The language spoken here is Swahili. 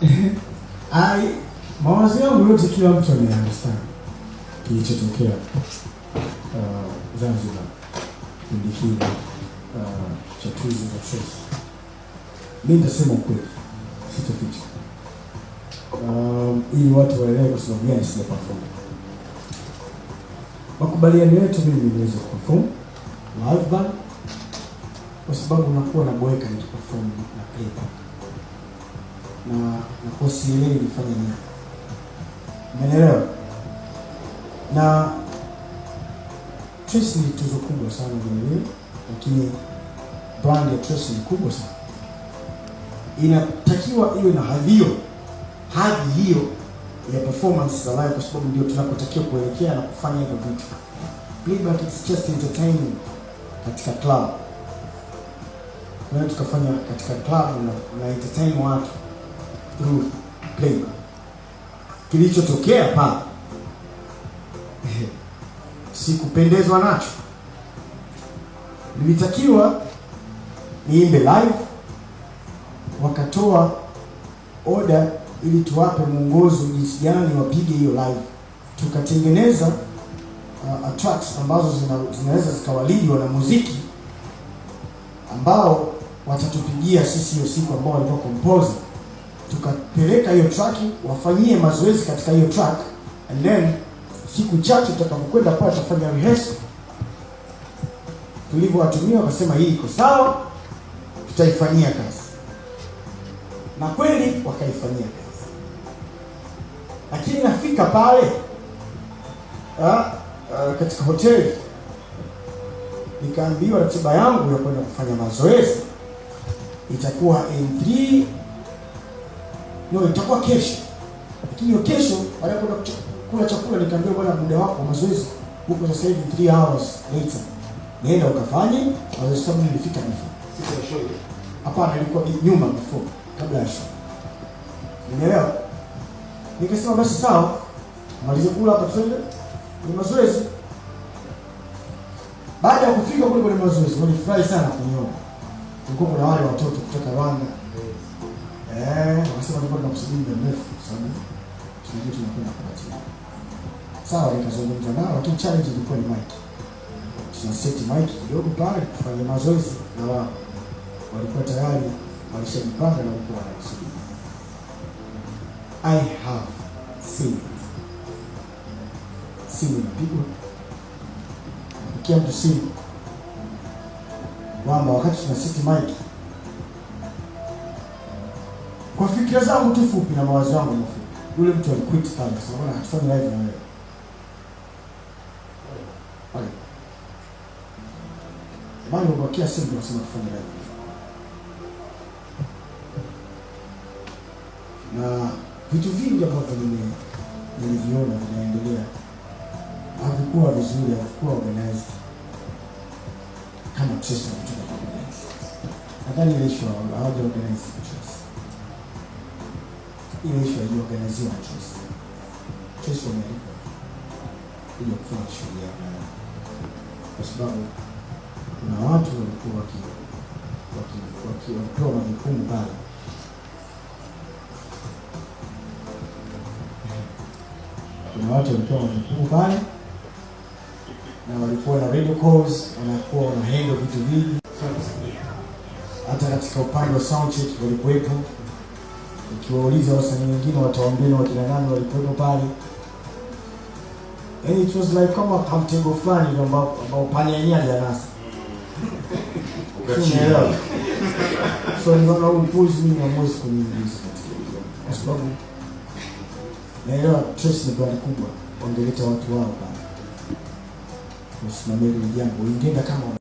Ai, mawazo yangu yote kila mtu anayeandasana kilichotokea uh, Zanzibar kipindi kile uh, cha tuzo za Trace. Mimi nitasema ukweli, sitaficha um, ili watu waelewe kwa sababu gani sija perform. Makubaliano yetu mimi niweze kuperform live band kwa sababu nakuwa naboeka nikiperform na playback na na kosi ile ilifanya nini. Umeelewa? Na Trace ni tuzo kubwa sana kwenye lakini brand ya Trace ni kubwa sana. Inatakiwa iwe na hadhi hiyo, hadhi hiyo ya performance za live, kwa sababu ndio tunakotakiwa kuelekea na kufanya hivyo vitu. but it's just entertaining katika club. Tunaweza tukafanya katika club na, na entertain watu Ruth Clay. Kilichotokea pale sikupendezwa nacho, nilitakiwa niimbe live, wakatoa oda ili tuwape mwongozo jinsi gani wapige hiyo live. Tukatengeneza uh, tracks ambazo zina, zinaweza zikawalidi wana muziki ambao watatupigia sisi hiyo siku ambao walikuwa composer tukapeleka hiyo traki wafanyie mazoezi katika hiyo track and then siku chache tutakapokwenda pale tutafanya rehearsal. Tulivyowatumia wakasema hii iko sawa, tutaifanyia kazi, na kweli wakaifanyia kazi. Lakini nafika pale ha, ah, ah, ha, katika hoteli nikaambiwa ratiba yangu ya kwenda kufanya mazoezi itakuwa in no itakuwa kesho, lakini kesho baada ya kula chakula nikaambia bwana, muda wako mazoezi huko sasa hivi 3 hours later, nenda ukafanye mazoezi. Sababu nilifika before, siku ya show hapana, ilikuwa nyuma before, kabla ya show, umeelewa? Nikasema basi sawa, malize kula hapa, tuende ni mazoezi. Baada ya kufika kule kwenye mazoezi, walifurahi sana kuniona. Kulikuwa kuna wale watoto kutoka Rwanda eh akasema nilikuwa nakusubiri muda mrefu kwa sababu tunajua tunakwenda kupatia. Sawa, nikazungumza nao, lakini challenge ilikuwa ni mic. Tuna set mic kidogo pale kufanya mazoezi na wao. Walikuwa tayari walishajipanga na walikuwa wanakusubiri. I have seen simu inapigwa, napikia mtu simu kwamba wakati tuna siti mic kwa fikira zangu tu fupi na mawazo yangu mafupi. Yule mtu aliquit sana kwa sababu hatufanyi live na wewe. Wale. Maana kwa kiasi ndio tunasema tufanye live. Na vitu vingi ambavyo nime niliviona vinaendelea havikuwa vizuri, havikuwa organized kama Kristo mtu. Nadhani ile issue hawaja organize hiyo iliorganiziwa Choice. Choice wamealikwa ili kufanya shughuli ya kwa sababu kuna watu walikuwa wakipewa majukumu pale kuna watu walitoa majukumu pale na walikuwa na radio calls, wanakuwa wanahandle vitu vingi, hata katika upande wa soundcheck check walikuwepo ukiwauliza wasanii wengine wataombeni wakina nani walikuwepo pale yani it was like kama kamtengo fulani ambao panianyaji anasa unaelewa so nikaona huu mpuzi mimi namwezi kuniingiza kwa sababu naelewa trace ni bali kubwa wangeleta watu wao pale kusimamia hili jambo ingenda kama